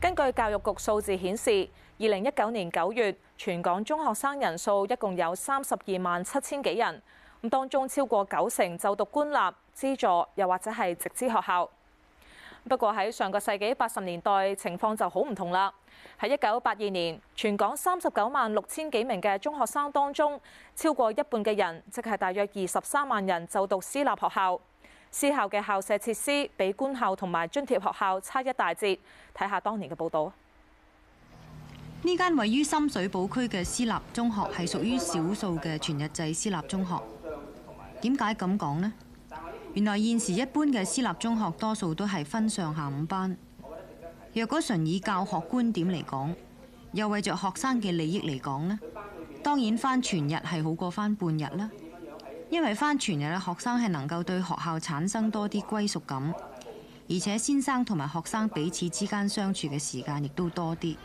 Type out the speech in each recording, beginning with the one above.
根據教育局數字顯示，二零一九年九月，全港中學生人數一共有三十二萬七千幾人，當中超過九成就讀官立、資助又或者係直資學校。不過喺上個世紀八十年代情況就好唔同啦。喺一九八二年，全港三十九萬六千幾名嘅中學生當中，超過一半嘅人，即係大約二十三萬人就讀私立學校。私校嘅校舍設施比官校同埋津貼學校差一大截，睇下當年嘅報導。呢間位於深水埗區嘅私立中學係屬於少數嘅全日制私立中學。點解咁講呢？原來現時一般嘅私立中學多數都係分上下午班。若果純以教學觀點嚟講，又為着學生嘅利益嚟講呢，當然返全日係好過返半日啦。因為返全日嘅學生係能夠對學校產生多啲歸屬感，而且先生同埋學生彼此之間相處嘅時間亦都多啲。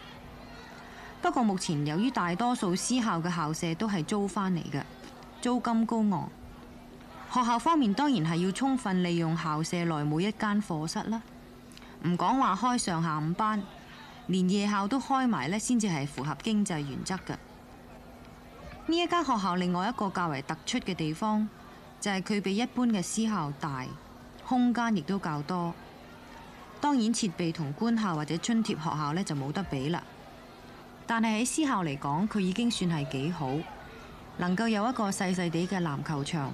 不過目前由於大多數私校嘅校舍都係租返嚟嘅，租金高昂，學校方面當然係要充分利用校舍內每一間課室啦。唔講話開上下午班，連夜校都開埋呢先至係符合經濟原則嘅。呢一間學校，另外一個較為突出嘅地方就係佢比一般嘅私校大，空間亦都較多。當然設備同官校或者津貼學校咧就冇得比啦。但係喺私校嚟講，佢已經算係幾好，能夠有一個細細地嘅籃球場，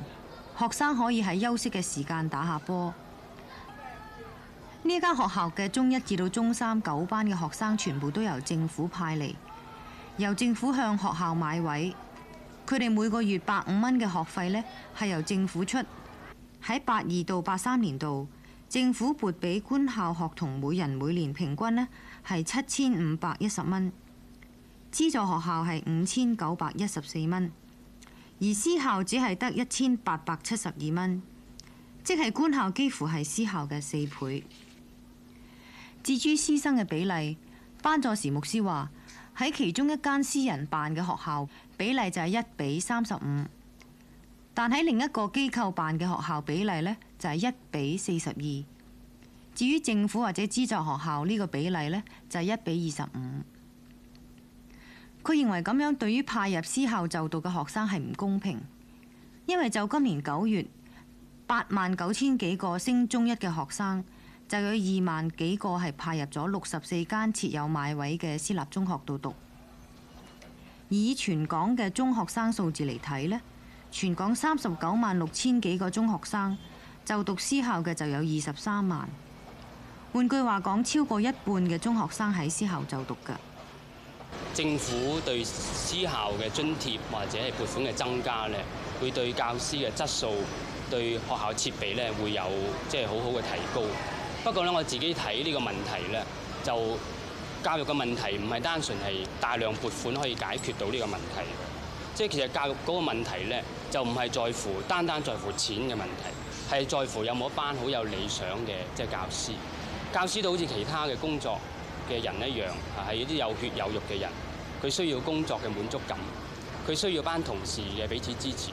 學生可以喺休息嘅時間打下波。呢間學校嘅中一至到中三九班嘅學生全部都由政府派嚟，由政府向學校買位。佢哋每個月百五蚊嘅學費呢，係由政府出。喺八二到八三年度，政府撥俾官校學童每人每年平均呢，係七千五百一十蚊，資助學校係五千九百一十四蚊，而私校只係得一千八百七十二蚊，即係官校幾乎係私校嘅四倍。至於師生嘅比例，班助時牧師話。喺其中一間私人辦嘅學校，比例就係一比三十五；但喺另一個機構辦嘅學校，比例呢就係一比四十二。至於政府或者資助學校呢個比例呢，就係一比二十五。佢認為咁樣對於派入私校就讀嘅學生係唔公平，因為就今年九月，八萬九千幾個升中一嘅學生，就有二萬幾個係派入咗六十四間設有買位嘅私立中學度讀。以全港嘅中學生數字嚟睇呢，全港三十九萬六千幾個中學生就讀私校嘅就有二十三萬。換句話講，超過一半嘅中學生喺私校就讀㗎。政府對私校嘅津貼或者係撥款嘅增加呢，會對教師嘅質素、對學校設備呢，會有即係好好嘅提高。不過咧，我自己睇呢個問題咧，就教育嘅問題唔係單純係大量撥款可以解決到呢個問題。即係其實教育嗰個問題咧，就唔係在乎單單在乎錢嘅問題，係在乎有冇一班好有理想嘅即係教師。教師都好似其他嘅工作嘅人一樣，係一啲有血有肉嘅人，佢需要工作嘅滿足感，佢需要一班同事嘅彼此支持。